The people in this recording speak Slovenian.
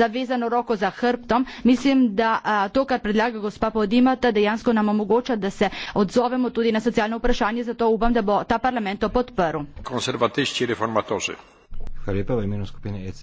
zavezano roko za hrbtom. Mislim, da a, to, kar predlaga gospa Podimata, dejansko nam omogoča, da se odzovemo tudi na socialno vprašanje, zato upam, da bo ta parlament to podprl. Konservatisti, reformatorji. Hvala lepa v imenu skupine ECE.